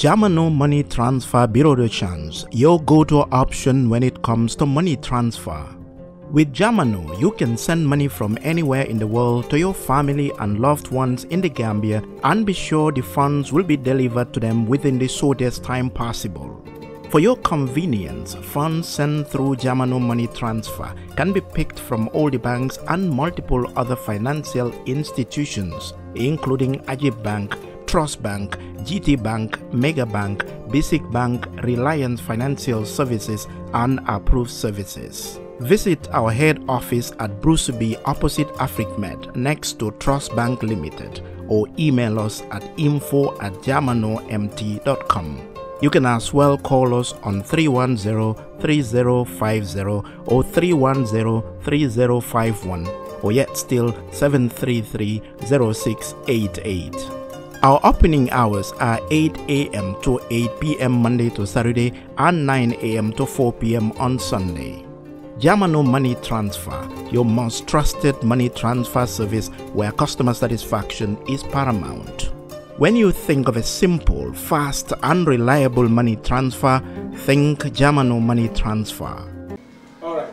Germano Money Transfer Bureau Directions, your go-to option when it comes to money transfer. With Germano, you can send money from anywhere in the world to your family and loved ones in the Gambia and be sure the funds will be delivered to them within the shortest time possible. For your convenience, funds sent through Germano Money Transfer can be picked from all the banks and multiple other financial institutions, including Ajib Bank, Trust Bank, GT Bank, Mega Bank, Basic Bank, Reliance Financial Services, and approved services. Visit our head office at Bruceby opposite AfricMed next to Trust Bank Limited or email us at info at germanomt.com. You can as well call us on 310-3050 or 310-3051 or yet still 733 our opening hours are 8 a.m. to 8 p.m. Monday to Saturday and 9 a.m. to 4 p.m. on Sunday. Yamano Money Transfer, your most trusted money transfer service where customer satisfaction is paramount. When you think of a simple, fast, and reliable money transfer, think Yamano Money Transfer. Alright.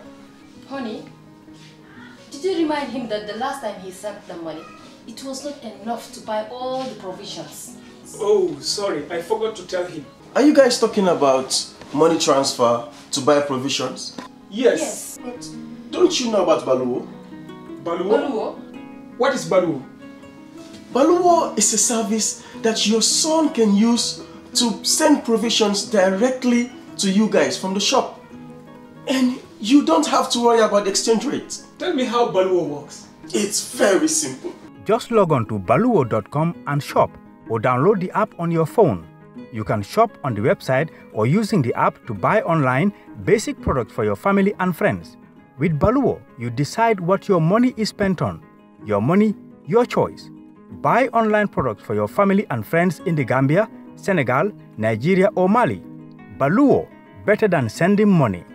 Honey, did you remind him that the last time he sent the money, it was not enough to buy all the provisions. Oh, sorry, I forgot to tell him. Are you guys talking about money transfer to buy provisions? Yes. yes. But don't you know about Baluwo? Baluwo? What is Baluwo? Baluwo is a service that your son can use to send provisions directly to you guys from the shop. And you don't have to worry about the exchange rate. Tell me how Baluwo works. It's very simple. Just log on to baluo.com and shop or download the app on your phone. You can shop on the website or using the app to buy online basic products for your family and friends. With Baluo, you decide what your money is spent on. Your money, your choice. Buy online products for your family and friends in the Gambia, Senegal, Nigeria, or Mali. Baluo, better than sending money.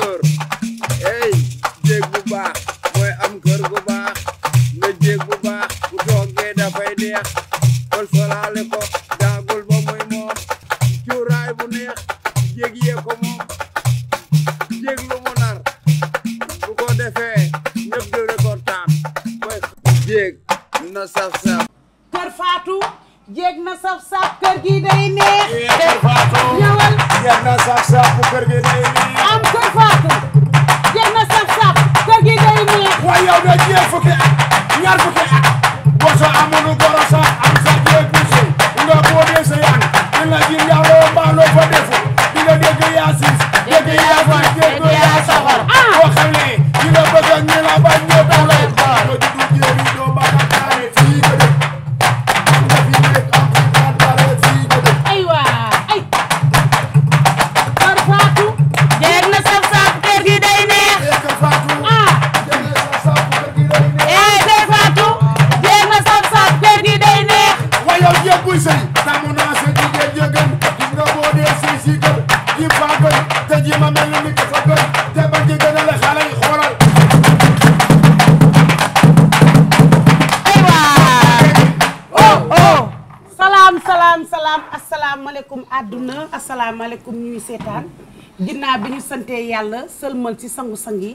no, hey, jeguba, mooy am kër gu baax nga jegu baax bu toogee dafay neex kon solaale ko daagul ba muy moom cuuraay bu neex jeg yee ko moom jeg lu mu nar bu ko defee ñëpp di rekontaan mooy jeeg na saf-saf kër Fatou jeeg na saf-saf kër gi day neex kër Fatou ñëwal jeeg na saf-saf bu kër gi day neex comme ñuy seetaan ginnaaw bi ñu santee yàlla sëlmal ci sangu-sang yi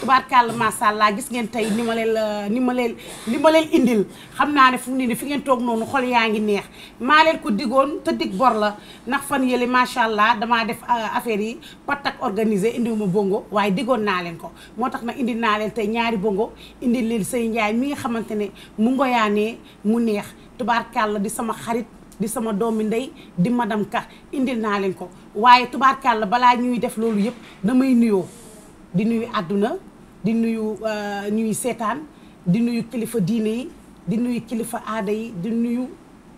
tubaarkàlla macha allah gis ngeen tey ni ma leen ni ma leen li ma leen indil xam naa ne fu mu nii fi ngeen toog noonu xol yaa ngi neex maa leen ko digoon te dig bor la ndax fan yële macha allah damaa def euh, affaire yi patak organisé indiw ma bongo waaye diggoon naa leen ko moo tax na indi naa leen tey ñaari bongo indi leen say njaay mi nga xamante ne mu ngoyaanee mu neex tubaarkàlla di sama xarit di sama doomi ndey di madam ka indil naa leen ko waaye la balaa ñuy def loolu yëpp damay nuyoo di nuyu àdduna di nuyu euh, ñuy seetaan di nuyu kilifa diine yi di nuyu kilifa aada yi di nuyu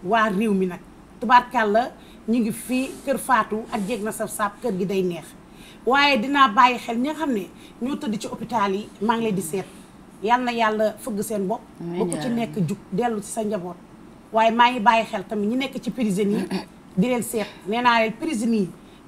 waa réew mi nag tubaarkàlla ñu ngi fii kër Fatou ak jeeg na saf saab kër gi day neex waaye dinaa bàyyi xel ñi nga xam ne ñoo tëdd ci hôpital yi maa ngi leen di seet yal na yàlla fëgg seen bopp ba ci nekk jug dellu ci sa njaboot waaye maa ngi bàyyi xel tamit ñi nekk ci prison yi di leen seet nee leen prison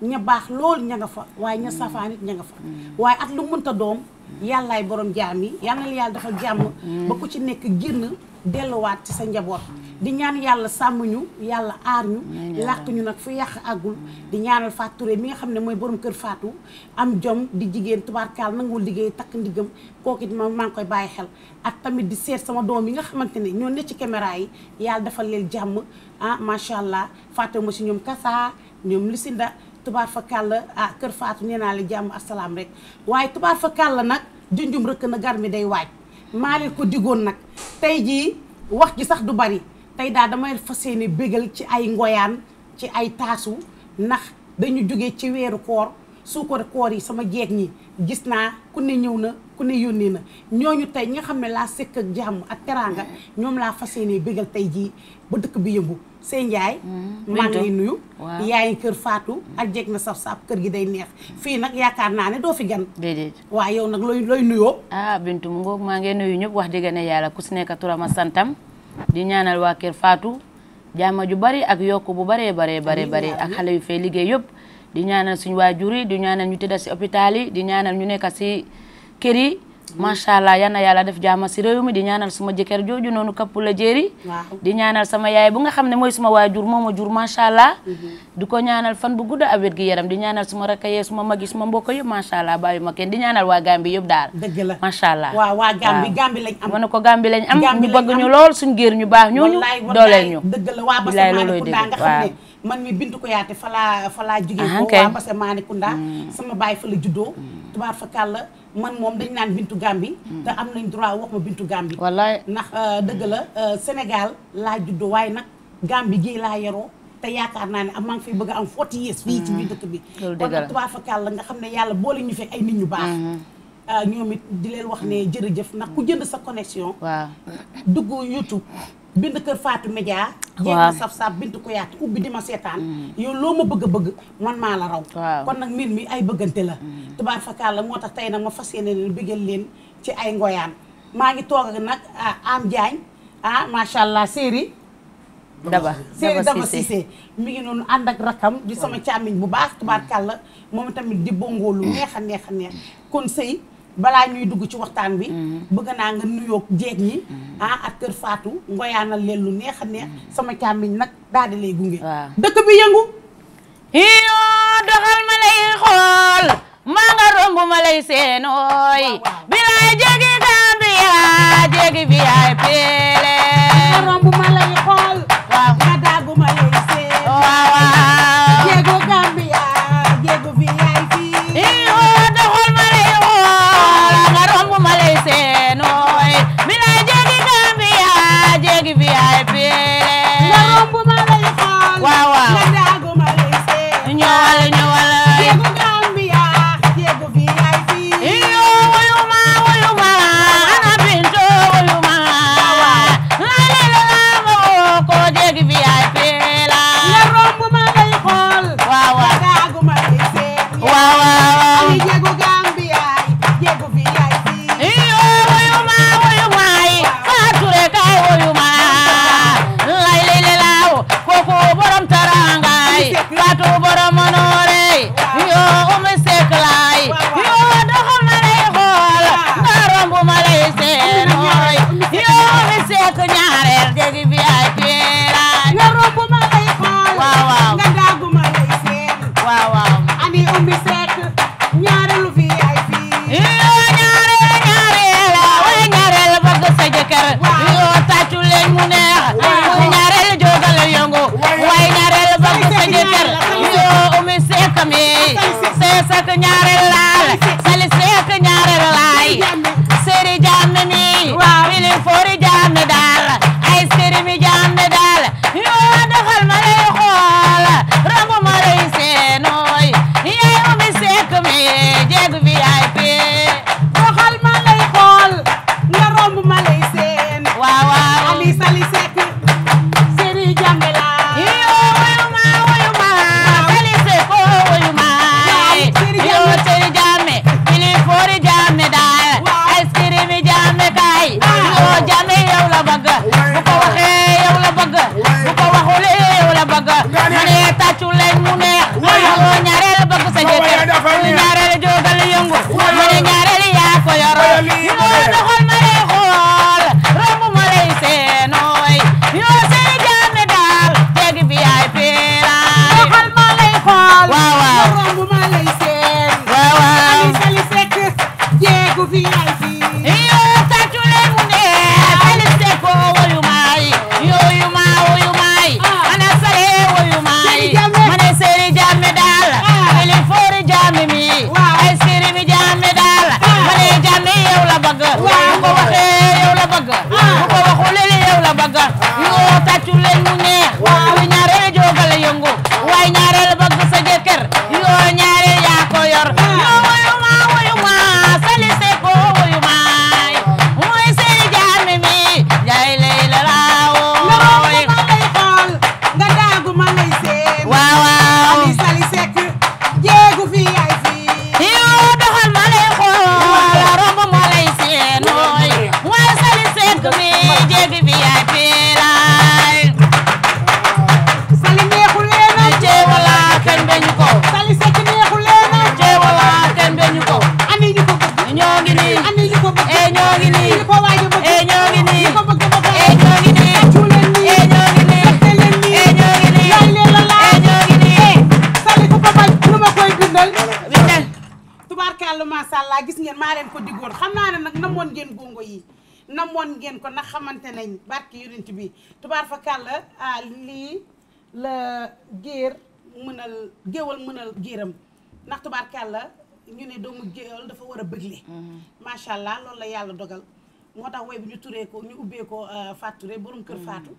ña baax loolu ña nga fa waaye ña safaan ña nga fa mm. waaye at lu mënta doom yàllaay borom jaam yi yàlla yàlla dafa jàmm mm. ba ku ci nekk génn delluwaat ci sa njaboot di ñaan yàlla sàmm yàlla aar ñu ñu nag fu yàq àggul di ñaanal Fatou mi nga xam ne mooy borom kër Fatou am jom di jigéen tubaarkaal nanguwul liggéey takk ndigam kooku it ma maa ngi koy bàyyi xel ak tamit di seet sama doom yi nga xamante ne ñoo ne ci caméra yi yàlla dafa leen jàmm ah macha allah fàttewu si ñoom Kasa ñoom Lucinda tubaar fa kàlla ah, kër faatu nee naa jàmm asalaam rek waaye tubaar fa kàlla nag junjum rëkk na gar mi day waaj maa ko digoon nag tey jii wax ji sax du bari tey daal damay fas yéene bégal ci ay ngoyaan ci ay taasu ndax dañu jóge ci weeru koor suukar koor yi sama jeeg ñi gis naa ku ne ñëw na ku ne yónnee na ñoo ñu tey ñi xam ne laa sekk ak jàmm ak teraanga ñoom laa fas yéene bégal tey jii ba dëkk bi yëngu seen yaay mm, maa ngi nuyu yaay kër faatu ak jeg na saf-saf kër gi day neex fii nag yaakaar naa ne doo fi gan déedéet waaw yow nag looy looy nuyoo ah Bintu mu ngoog maa ngi nuyu ñëpp wax dëgg ne yàlla ku si nekk turam ak santam di ñaanal waa kër faatu jàmm ju bari ak yokku bu baree baree baree baree ak xale yu fay liggéey yëpp di ñaanal suñu waajur yi di ñaanal ñu tëdda si hôpital di ñaanal ñu nekk si kër yi Mm-hmm. macha allah yal na yàlla def jaama si réew mi di ñaanal suma jëkkër jooju noonu kapp la jéeri di ñaanal sama yaay bu nga xam ne mooy suma waajur moo ma jur macha allah. Mm-hmm. di ko ñaanal fan bu gudd ak wér gi yaram di ñaanal suma rakkayee suma magi suma mbokk yëpp macha allah bàyyi ma kenn di ñaanal waa Gambie yëpp daal. dëgg ma ne ko Gambie lañ am ñu bëgg ñu lool suñu géer ñu baax ñooñu. dooleel ñu bilaay loolooy dëgg waaw man mi bintu ko yaate fa laa fa laa jugee waa parce que Manikunda mm. sama baay fa la juddoo mm. tubaar fa kàlla man moom dañ naan bintu Gambi mm. te am nañ droit wax ma bintu Gambi wallaay ndax euh, dëgg la euh, Sénégal laa juddu waaye nag Gambi gii laa yaroo te yaakaar naa ne am maa ngi fay bëgg am forty years fii ci mm. biir dëkk bi kon nag tubaab fakal la nga xam ne yàlla boole ñu fekk ay nit ñu baax mm-hmm. euh, ñoom it di leen wax ne jërëjëf ndax ku jënd sa connexion waaw YouTube bind kër Fatou Média. waaw saf saf bintu ko ubbi di ma seetaan. Mm. yow loo ma bëgg a bëgg man maa la raw. kon nag mbir mi ay bëggante la. Mm. tubaab fakkaar la moo tax tey nag ma fas yéene leen bëggal leen ci ay ngoyaan maa ngi toog ak nag ah, Am Diagne ah macha allah séeri daba séeri daba Cissé mi ngi noonu ànd ak rakam di sama mm. càmmiñ bu baax tubaab kàlla moom tamit di bongo lu neex a neex a neex kon sëy balaa ñuy dugg ci waxtaan bi mm-hmm. bëgg naa nga nuyoog jeeg yi mm-hmm. ah ak kër Fatou ngoyaanal leen lu neex a neex mm-hmm. sama càmmiñ nag daal di lay gunge dëkk bi yëngu yoo doxal ma lay xool maa nga romb ma lay seen ooy bi laay jéggi Gambia jéggi bi yaay péele romb ma lay xool waaw nga daagu lay seen ngeen ko nag xamante nañ barke yonent bi tubaar fa kàlla ah lii la géer mënal géwal mënal géeram ndax tubaar la ñu ne doomu géwal dafa war a bëgle mm-hmm. macha allah loolu la yàlla dogal moo tax woy bi ñu turee ko ñu ubbee ko ah, Fature borom kër mm-hmm. Fatou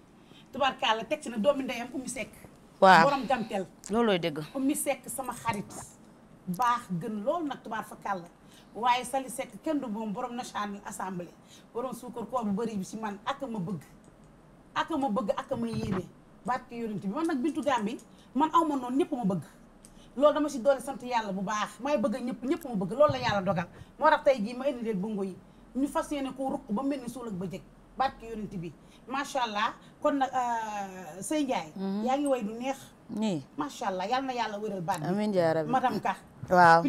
tubaar la teg ci na doomi ndeyam ummi sekk waaw borom gamtel loolooy dëgg mu sekk sama xarit baax gën loolu nag tubaar fa kàlla waaye Sally Seck kenn du moom borom national assemblée borom suukar koor bu bari bi si man ak ma bëgg ak ma bëgg ak ma yéene barke yonent bi man nag Bintu Gambi man aw ma noonu ñëpp ma bëgg loolu dama si doole sant yàlla bu baax may bëgg ñëpp ñëpp ma bëgg loolu la yàlla dogal moo tax tey jii ma indi leen bongo yi ñu fas yéene koo ruq ba mel ni suul ak ba jëkk barke yonent bi macha allah kon nag euh, Sey Ndiaye. Mhm. yaa ngi way du neex. nii macha allah yal na yàlla wéral baat bi. amiin Ka. waaw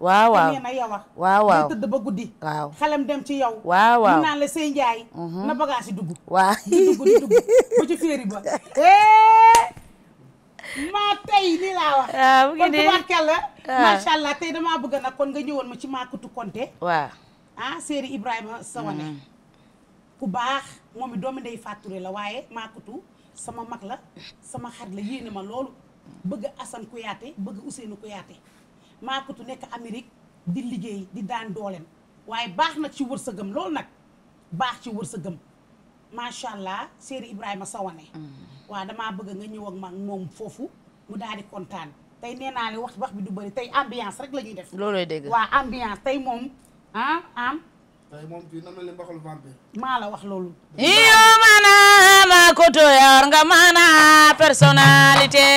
waaw waaw te nee na yow a. waaw waaw tëdd ba guddi. waaw xelam dem ci yow. waaw waaw mu naan la seen njaay. Mhm. na bagage yi dugg. waaw di dugg di dugg ba ci féeri ba. maa tey nii laa wax. waaw bu ngeen la. macha allah tey damaa bëgg nag kon nga ñëwoon ma ci Makutu Konté. waaw ah séeri Ibrahima Sawane. Mhm. ku baax moom it doomi ndey Fatou la waaye Makutu sama mag la sama xarit la yéene ma loolu bëgg Assane Kouyaté bëgg Ousseynou Kouyaté. tu nek amerique di liggey di daan dolem waye baax na ci wërsëgam lol nak bax ci wërsëgam macha allah Seri Ibrahima Sawane. Mm. wa dama bëgg nga ñew ak mak mom fofu mu daal di kontaan tey nee naa wax wax bi du bari tay ambiance rek lañuy def. loloy deug wa ambiance tay mom ah am. tay mom fi nan la leen vampire. mala wax lolou iyo mana ma koto yar nga mana personnalité.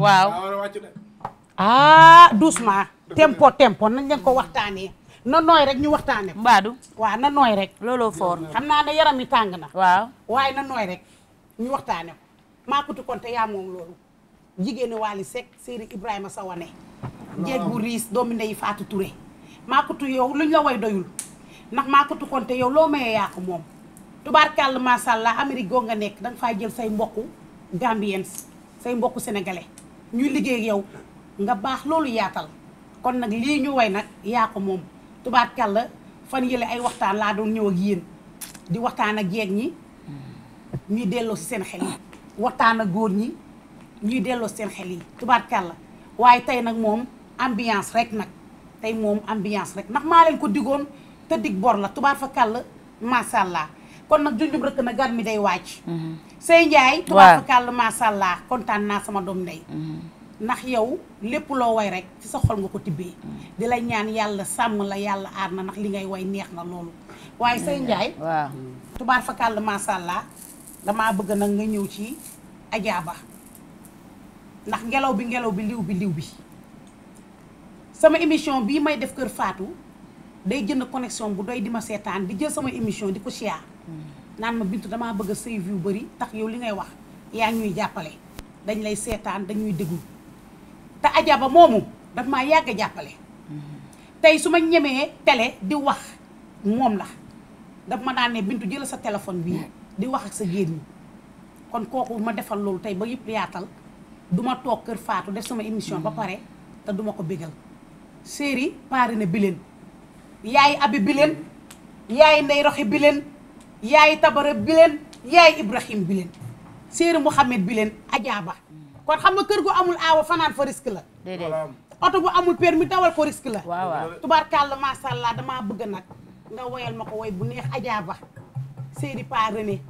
waaw ah doucement tempo tempo nañ leen ko waxtaanee na nooy rek ñu waxtaane mbaadu waaw na nooy rek looloo foor xam naa ne yaram yi tàng na waaw waaye na nooy rek ñu waxtaanee ko maa kuti konte yaa moom loolu jigéeni Wally Seck Seri Ibrahima Sawane jeeg bu riis doomu ndey Fatou Touré maa kutu yow luñ la way doyul ndax maa kutu konte yow loo mayee yaa ko moom tubaarkàll masàllaa Amérique goo nga nekk danga faa jël say mbokku Gambiens say mbokku sénégalais ñuy liggéey yow nga baax loolu yaatal kon nag lii ñu way nag yaa ko moom tubaarkàlla fan yële ay waxtaan laa doon ñëw ak yéen di waxtaan ak jeeg ñi ñuy delloo si seen xel yi waxtaan ak góor ñi ñuy delloo si seen xel yi la waaye tey nag moom ambiance rek nag tey moom ambiance rek ndax maa leen ko digoon te dig bor la tubaar fa kàll macha allah kon nag junjum rek na gan mi day wàcc mm-hmm. Sey Ndiaye. waaw tubaab macha allah kontaan naa sama doom ndey. Mm-hmm. ndax yow lépp loo way rek ci sa xol nga ko tibbee. Mm-hmm. di la ñaan yàlla sàmm la yàlla aar na ndax li ngay way neex na loolu. waaye Sey mm-hmm. Ndiaye. waaw tubaab fakal macha damaa bëgg nag nga ñëw ci ajaaba ndax ngelaw bi ngelaw bi liw bi liw bi. sama émission bii may def Kër Fatou day jënd connexion bu doy di ma seetaan di jël sama émission di ko siyaar. Nan ma bintu dama bëgg a view bari tax yow li ngay wax yaa ñuy jappalé dañ lay seetaan dañuy déglu te ajaba moomu daf maa yàgg a jàppale tey su télé di wax mom la daf ma naan ne bintu jël sa téléphone bi di wax ak sa génn kon koku ma defal lool tay ba yëpp yaatal duma tok toog kër faatu def sama émission ba paré ta duma ko bégal séeri paari na bileen yaay abi bileen yaay ndey roxi yaay tabara bi leen yaay ibrahim bi leen séeri mouhamed ajaaba kon xam nga kër gu amul aawa fanaan fa risque la oto bu amul permis dawal ko risque la tubaarkàlla maasàllaa bëgg nag nga woyal ma ko woy bu neex ajaaba séeri pa René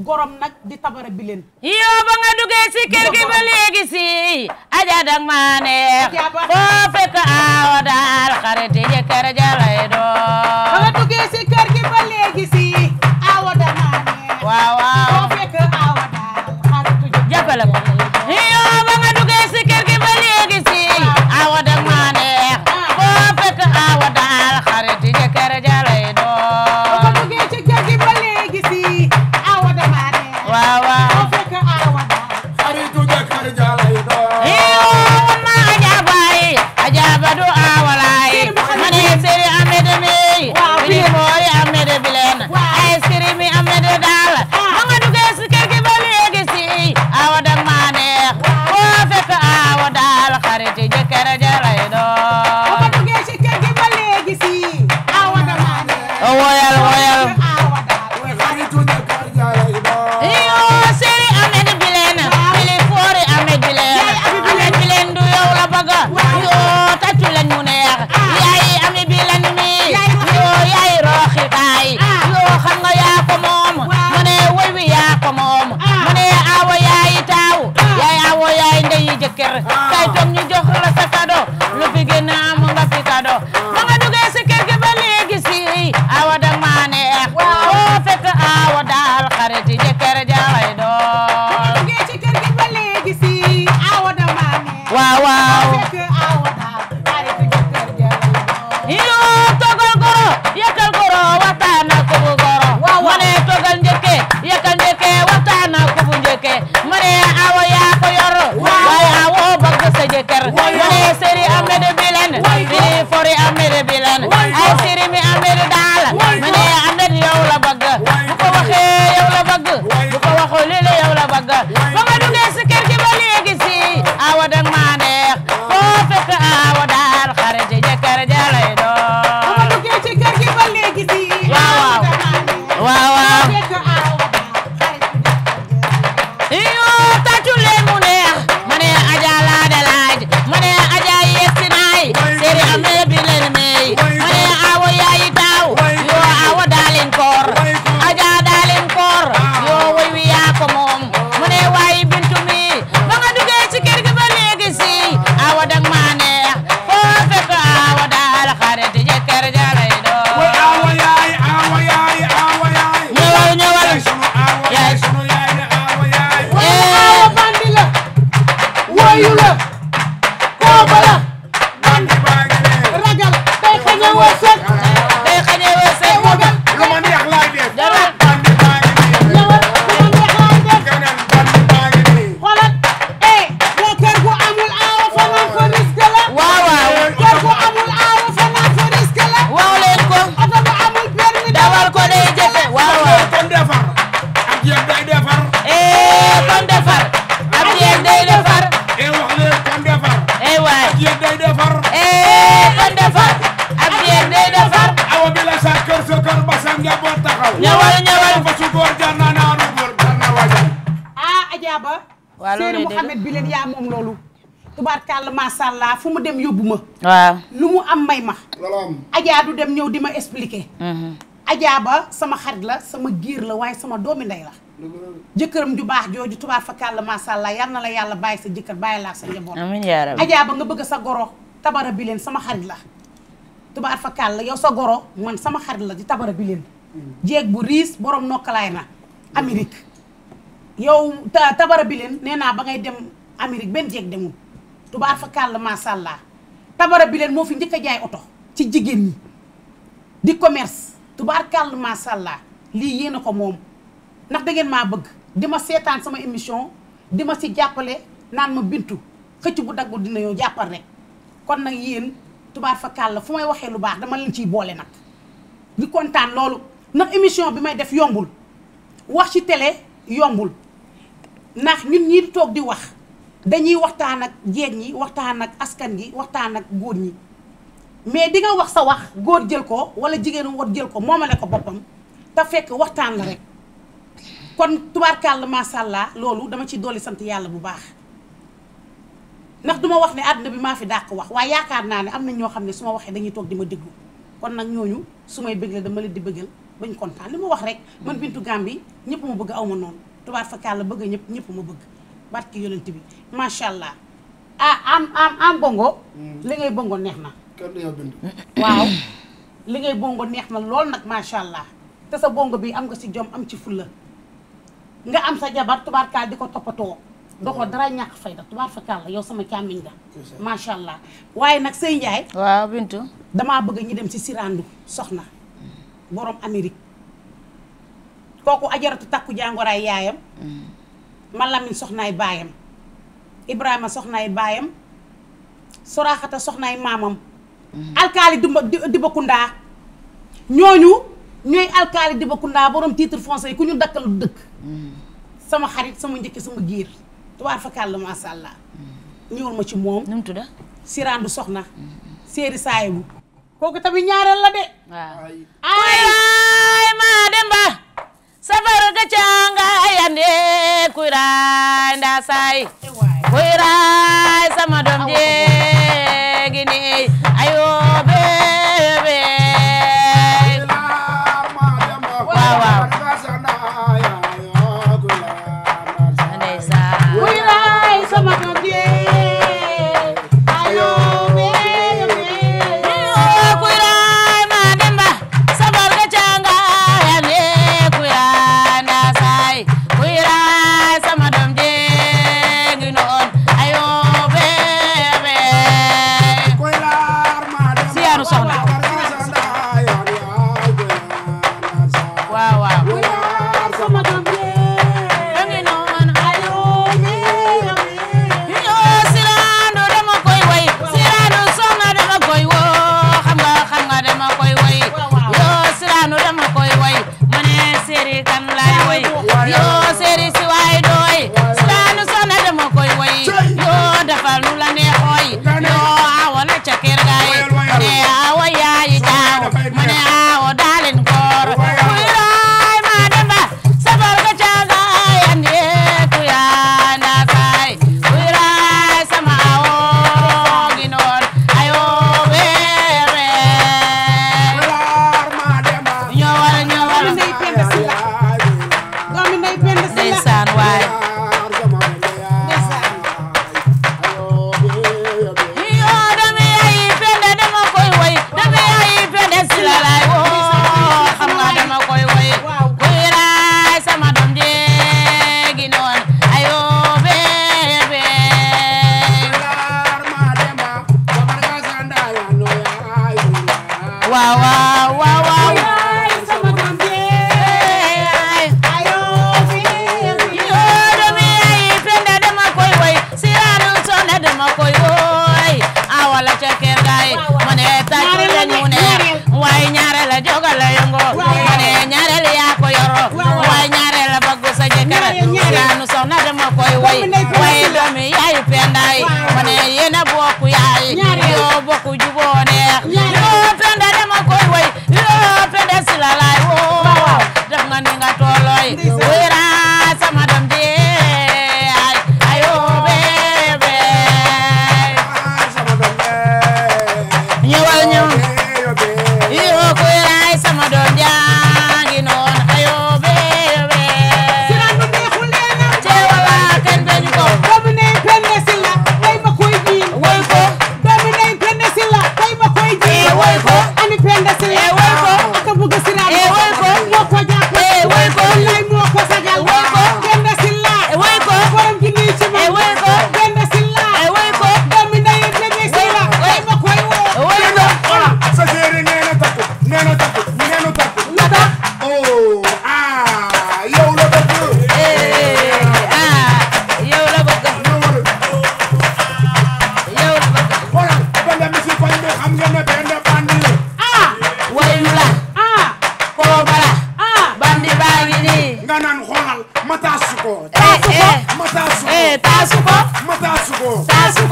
gorom nag di tabara bi leen ba nga duggee si kër gi ba léegi si ajaa dag neex boo fekk aawa daal xarit yi jëkkër lay doon ba nga duggee si kër gi ba léegi si waaw waaw. jàppale ko. macha allah dem yóbbu ma. waaw lu mu am may ma. ajaa dem ñëw ma expliquer. Mhm. ajaa ba sama xarit la sama giir la waaye sama doomi ndey la. jëkkëram ju baax jooju tubaab fakkaat la macha allah yal na la yàlla bàyyi sa sa nga bëgg sa goro tabara bi sama xarit la. tubaab fakkaat la yow sa goro man sama xarit la di tabara bi leen. Mm. jéeg bu riis borom nokkalaay na Amérique. yow tabara bi leen nee ba ngay dem Amerik ben jéeg demu tubaar fa kàll macha allah tabara bi leen moo fi njëkk jaay oto ci jigéen ñi di commerce tubaar kàll macha allah lii yéen a ko moom ndax da ngeen maa bëgg di ma seetaan sama émission di ma si jàppale naan ma bintu xëcc bu daggul dina yow jàppal rek kon nag yéen tubaar fa kàll fu may waxee lu baax dama leen ciy boole nag di kontaan loolu ndax émission bi may def yombul wax ci tele yombul ndax nit ñii toog di wax dañuy waxtaan ak jeeg ñi waxtaan ak askan gi waxtaan ak góor ñi mais di nga wax sa wax góor jël ko wala jigéenu wat jël ko moomale ko boppam te fekk waxtaan la rek kon tubaarkàlla macha allah loolu dama ci dolli sant yàlla bu baax ndax duma wax ni àdduna bi maa fi dàq wax waaye yaakaar naa ne am na ñoo xam ne su ma waxee dañuy toog di ma déglu kon nag ñooñu su may bëgg dama leen di bëggal bañ kontaan li ma wax rek man Bintu Gambi ñëpp ma bëgg aw ma noonu tubaar fakàlla bëgg ñëpp ñëpp ma bëgg barki yonent bi macha allah ah am am am bongo. Mm. li ngay bongo neex na. waaw li ngay bongo neex na lool nag macha allah te sa bongo bi am nga ci jom am ci fulla nga am sa jabar tubaarkaal di ko toppatoo. doxoo dara ñàkk fayda tubaar fa kàll yow sama càmmiñ nga macha allah waaye nag sëy Ndiaye. waaw Bintu. damaa bëgg ñu dem ci Sirandu soxna borom Amérique kooku ajaratu takku jàngoraay yaayam. Mm. ma Lamin soxnaay bayam Ibrahima soxnaay bayam Soraxata soxnaay maamam. Mhm. alkali Dumba Dibakunda ñooñu alkali alkali Dibakunda borom titre français ku ñu dakkal dekk mhm. sama xarit sama njëkk sama giir tubaar ma sha allah. Mhm. ñëwal ma ci mom nu tuda sirandu Soxna. seri Saayibu. koku tammi ñaaral la de. waaw ay ma demba safar ga canga yande kuy raay ndaa kuy raay sama doom jeegi nii ayoo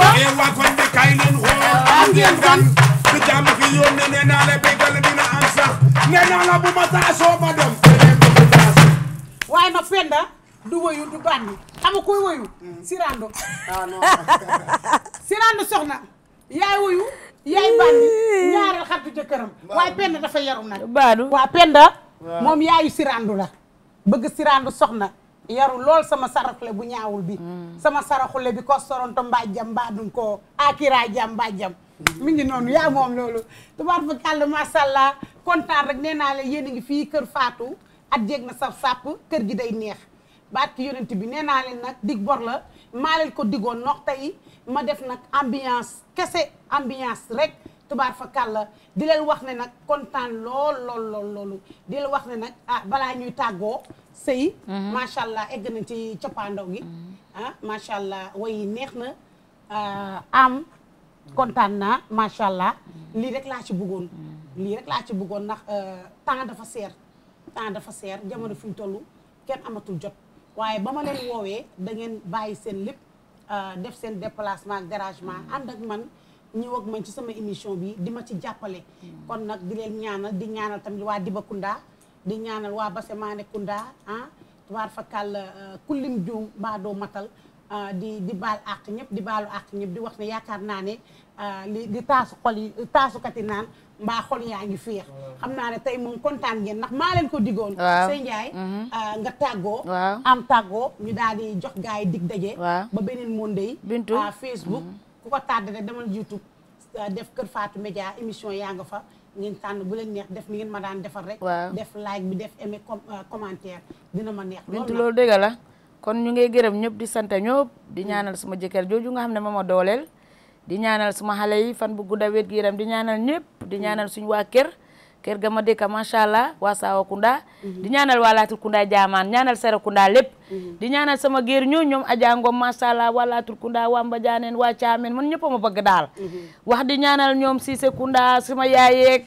ee waa koñ bi kaay leen xool ngeen kan du jàmm fi yónnee nee naa la bégal dina am sax nee bu ma taasoo ma dem waaye ma fenda du woyu du bànni xam nga koy woyu sirando sirando yaay woyu yaay bànni ñaareel xaritu jëkkëram waaye penda dafa yaru nag baadu waa penda moom yaayu sirando la bëgg sirando soxna yaru lool sama saraxule bu ñaawul bi mm. sama saraxule bi ko soronto mbaajam mbaadum ko akira jam mbaajam mi ngi noonu yaa moom loolu tubaar fa kàll masha Allah kontaan rek nee naa yéen a ngi fii kër Fatou at jéeg na saf sàpp kër gi day neex baat ki bi nee naa leen nag dig bor la maa ko digoon nox tey ma def nag ambiance kese ambiance rek tubaar fa kàlla di leen wax ne nag kontaan lool lool loolu di leen wax ne nag ah balaa ñuy tàggoo sëy mhm. macha allah egg na ci coppaandaw gi mhm. ah macha allah way neex na ah, am kontaan naa macha allah mhm. lii rek laa ci buggoon lii rek laa ci bëggoon ndax euh, temps dafa seer temps dafa seer jamono fi mu toll kenn amatul jot waaye ba ma leen woowee da ngeen bàyyi seen lépp euh, def seen déplacement ak dérangement ànd ak man ñëw man ci sama émission bi di ma ci jàppale kon nag di leen ñaanal di ñaanal tamit waa Dibakunda di ñaanal waa Basse Mané Kounda ah waar fakal euh, kullim juum mbaa doo matal euh, di di baal àq ñëpp di baalu àq ñëpp di wax na yaakaar naa ne euh, li di taasu xol yi taasukati naan mbaa xol yaa ngi féex xam naa ne tey moom kontaan ngeen ndax maa leen ko digoon sëñ Ndiaye mhm. nga tàggoo am tàggoo ñu daal di jox gars yi dig daje ba beneen monde yi bintu Facebook mhm. ku ko tàddale demal YouTube def Kër faatu Média émission yaa nga fa ngeen tànn bu leen neex def ni ngeen ma daan defar rek. def like bi def aimé euh, commentaire dina ma neex. loolu loolu dëgg la kon ñu ngay gërëm ñëpp di sant ñëpp di ñaanal suma jëkkër jooju nga xam ne ma dooleel di ñaanal suma xale yi fan bu gudda wér gi di ñaanal ñëpp di ñaanal suñu waa kër. kër ga ma dëkk macha allah mm -hmm. di ñaanal waa Latrikunda jaamaan ñaanal mm -hmm. di ñaanal sama géer ñoo ñoom Adja Ngom macha kunda waa Latrikunda waa Mbadianeen waa Caameen man ñëpp ma bëgg -hmm. wax di ñaanal ñoom si Kunda sama yaayeeg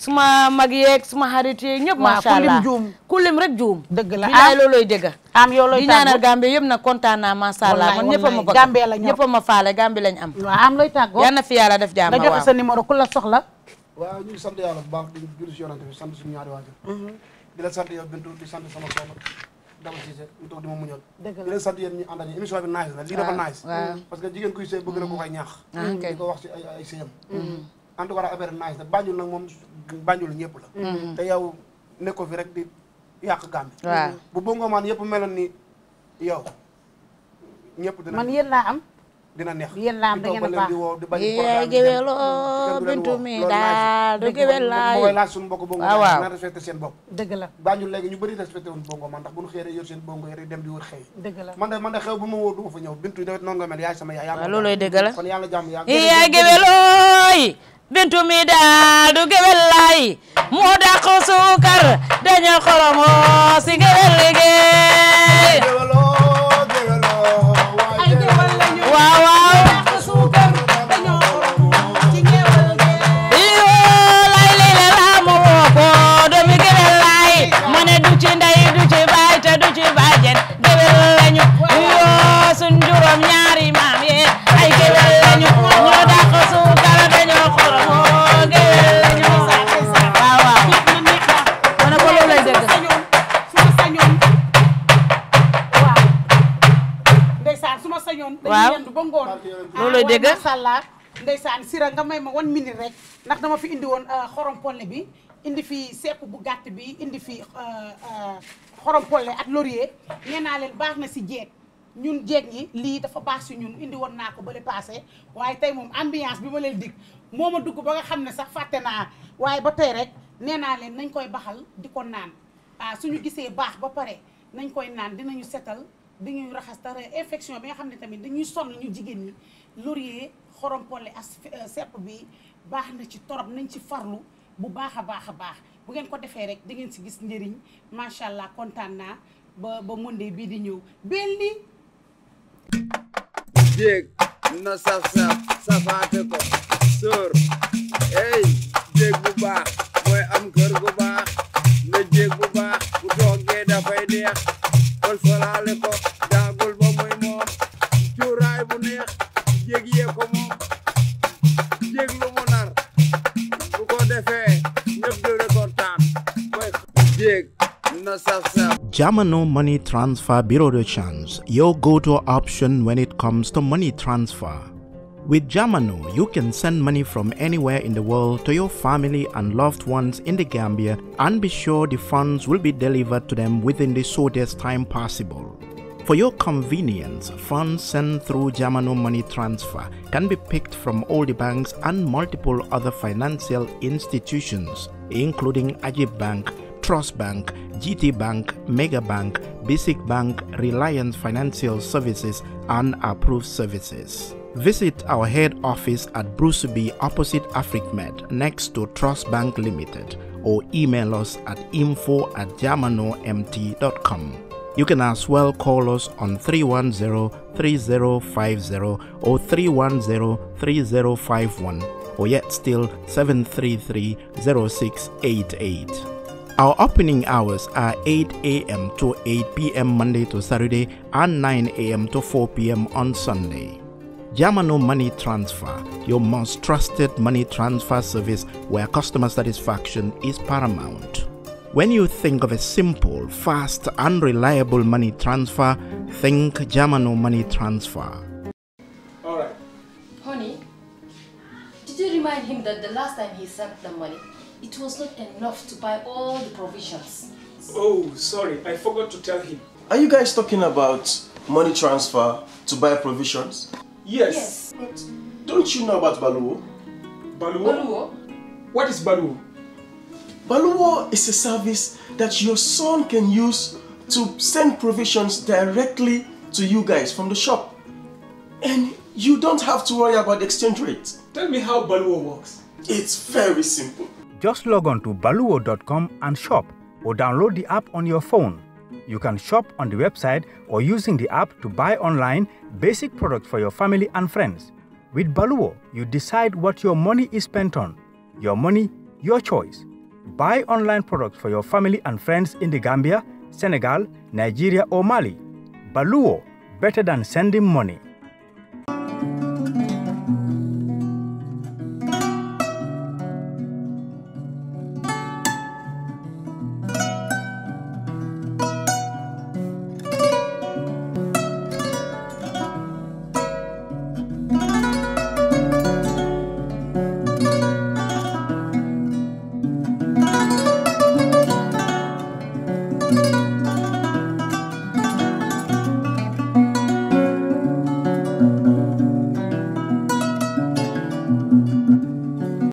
suma mag yeeg suma xarit yeeg ñëpp macha allah ku rek juum dëgg la am looloy idega am yo looy tàggu di gambe Gambie na nag na ma sha allah man ñëpp ma bëgg gambe la ñëpp ma lañ am waaw am lo tàggoo yal na fi yàlla def jàmm waaw nga joxe sa numéro ku la soxla waaw ñu ngi sant yàlla bu baax di julli si yonante bi sant suñu ñaari waajur mhm. di la sant yow Bintu di sant sama soxna Daba Cissé ñu toog di ma muñal di la sant yéen ñu àndal yi émission bi nice na lii dafa nice mhm. parce que jigéen kuy sëy bëgg na ko koy ñaax ah, di ko wax ci ay ay sëyam mhm. en tout cas affaire nice la bànjul nag moom bànjul ñëpp la te yow nekkoo fi rek di yàq gàmbi bu bëgg maan yëpp meloon ni yow ñëpp dina man yéen laa am dina neex yéen da ngeen baax yéen géwéloo bintu mi daal du géwél laay mooy laaj suñu mbokk bongo ah, waaw na la Banjul léegi ñu bëri respecté woon bongo man ndax bu ñu xëyee ma woo du ma fa ñëw bintu dawet noonu nga mel yaay sama mi daal du géwél laay moo dàq suukar dañu xoromoo si géwél liggéey Sira nga may ma one minute rek ndax dama fi indi woon euh, xorom polle bi indi fi sepp bu gàtt bi indi fi euh, euh, xorom polle ak laurier nee naa leen baax na si jeeg ñun jeeg ñi lii dafa baax si ñun indi woon naa ko bale passé waaye tey moom ambiance bi ma leen dig moo ma dugg ba nga xam ne sax fàtte naa waaye ba tey rek nee naa leen nañ koy baxal di ko naan ah suñu gisee baax ba pare nañ koy naan dinañu setal dinañu raxas dara bi nga xam ne tamit dañuy sonn ñu jigéen ñi laurier xorompolle ak euh, sepp bi baax na ci torop nañ ci farlu bu baax a baax a baax bu ngeen ko defee rek da ngeen si gis njëriñ macha allah kontaan naa ba ba Monday bii di ñëw belli jéeg na saf-saf safaate ko sóor ey jéeg bu baax mooy am kër bu baax na jéeg bu baax bu toogee dafay neex kon solaale ko Germano Money Transfer Bureau your go-to option when it comes to money transfer. With Germano, you can send money from anywhere in the world to your family and loved ones in the Gambia and be sure the funds will be delivered to them within the shortest time possible. For your convenience, funds sent through Germano Money Transfer can be picked from all the banks and multiple other financial institutions, including Ajib Bank, Trust Bank, GT Bank, Megabank, Basic Bank, Reliance Financial Services, and approved services. Visit our head office at Bruceby opposite AfricMed next to Trust Bank Limited or email us at info at germanomt.com. You can as well call us on 310-3050 or 310-3051 or yet still 733 our opening hours are 8 a.m. to 8 p.m. Monday to Saturday and 9 a.m. to 4 p.m. on Sunday. Yamano Money Transfer, your most trusted money transfer service where customer satisfaction is paramount. When you think of a simple, fast, and reliable money transfer, think Yamano Money Transfer. Alright. Honey, did you remind him that the last time he sent the money, it was not enough to buy all the provisions. Oh, sorry, I forgot to tell him. Are you guys talking about money transfer to buy provisions? Yes. Yes, but... Don't you know about Baluwo? Baluwo? What is Baluwo? Baluwo is a service that your son can use to send provisions directly to you guys from the shop. And you don't have to worry about the exchange rate. Tell me how Baluwo works. It's very simple. Just log on to baluo.com and shop or download the app on your phone. You can shop on the website or using the app to buy online basic products for your family and friends. With Baluo, you decide what your money is spent on. Your money, your choice. Buy online products for your family and friends in the Gambia, Senegal, Nigeria or Mali. Baluo, better than sending money.